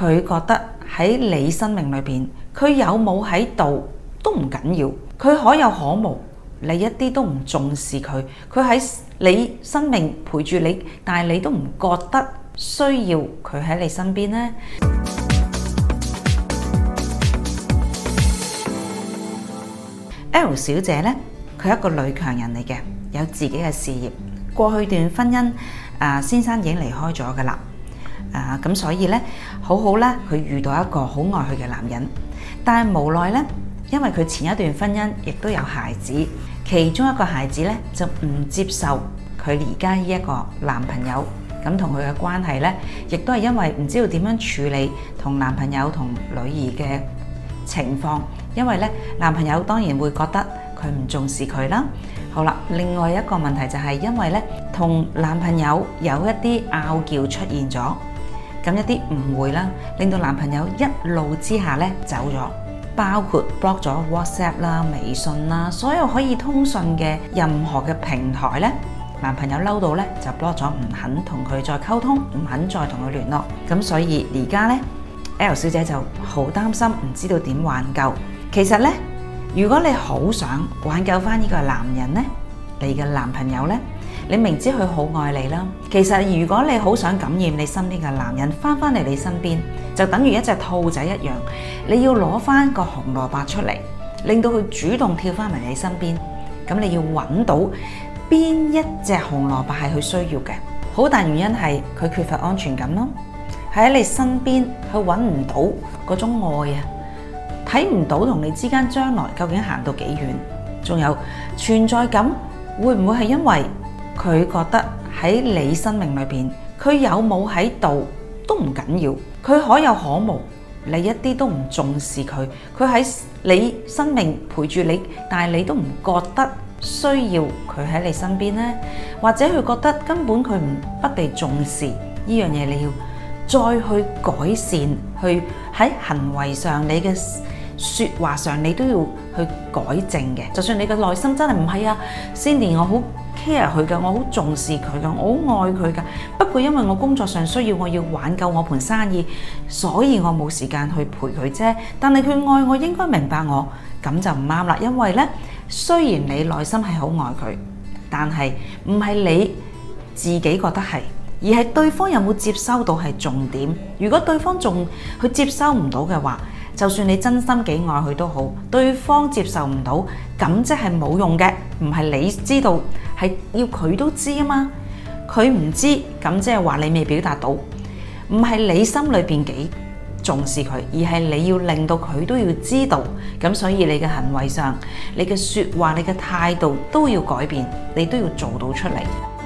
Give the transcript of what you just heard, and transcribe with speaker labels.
Speaker 1: 佢覺得喺你生命裏邊，佢有冇喺度都唔緊要，佢可有可無。你一啲都唔重視佢，佢喺你生命陪住你，但係你都唔覺得需要佢喺你身邊呢。L 小姐呢，佢係一個女強人嚟嘅，有自己嘅事業。過去段婚姻，啊、呃、先生已經離開咗噶啦。啊，咁所以咧，好好咧，佢遇到一個好愛佢嘅男人，但係無奈咧，因為佢前一段婚姻亦都有孩子，其中一個孩子咧就唔接受佢而家呢一個男朋友，咁同佢嘅關係咧，亦都係因為唔知道點樣處理同男朋友同女兒嘅情況，因為咧男朋友當然會覺得佢唔重視佢啦。好啦，另外一個問題就係因為咧同男朋友有一啲拗撬出現咗。咁一啲誤會啦，令到男朋友一怒之下咧走咗，包括 block 咗 WhatsApp 啦、微信啦，所有可以通訊嘅任何嘅平台咧，男朋友嬲到咧就 block 咗，唔肯同佢再溝通，唔肯再同佢聯絡。咁所以而家咧，L 小姐就好擔心，唔知道點挽救。其實咧，如果你好想挽救返呢個男人咧，你嘅男朋友咧。你明知佢好愛你啦，其實如果你好想感染你身邊嘅男人翻返嚟你身邊，就等於一隻兔仔一樣。你要攞翻個紅蘿蔔出嚟，令到佢主動跳翻埋你身邊。咁你要揾到邊一隻紅蘿蔔係佢需要嘅，好大原因係佢缺乏安全感咯。喺你身邊佢揾唔到嗰種愛呀，睇唔到同你之間將來究竟行到幾遠，仲有存在感會唔會係因為？佢覺得喺你生命裏邊，佢有冇喺度都唔緊要，要，佢可有可無。你一啲都唔重視佢，佢喺你生命陪住你，但係你都唔覺得需要佢喺你身邊呢？或者佢覺得根本佢唔不地重視呢樣嘢，這件事你要再去改善，去喺行為上、你嘅説話上，你都要。去改正嘅，就算你嘅內心真係唔係啊，Cindy，我好 care 佢嘅，我好重視佢嘅，我好愛佢噶。不過因為我工作上需要，我要挽救我盤生意，所以我冇時間去陪佢啫。但係佢愛我，應該明白我，咁就唔啱啦。因為咧，雖然你內心係好愛佢，但係唔係你自己覺得係，而係對方有冇接收到係重點，如果對方仲佢接收唔到嘅話。就算你真心幾愛佢都好，對方接受唔到，咁即係冇用嘅。唔係你知道，係要佢都知啊嘛。佢唔知，咁即係話你未表達到，唔係你心裏邊幾重視佢，而係你要令到佢都要知道，咁所以你嘅行為上、你嘅說話、你嘅態度都要改變，你都要做到出嚟。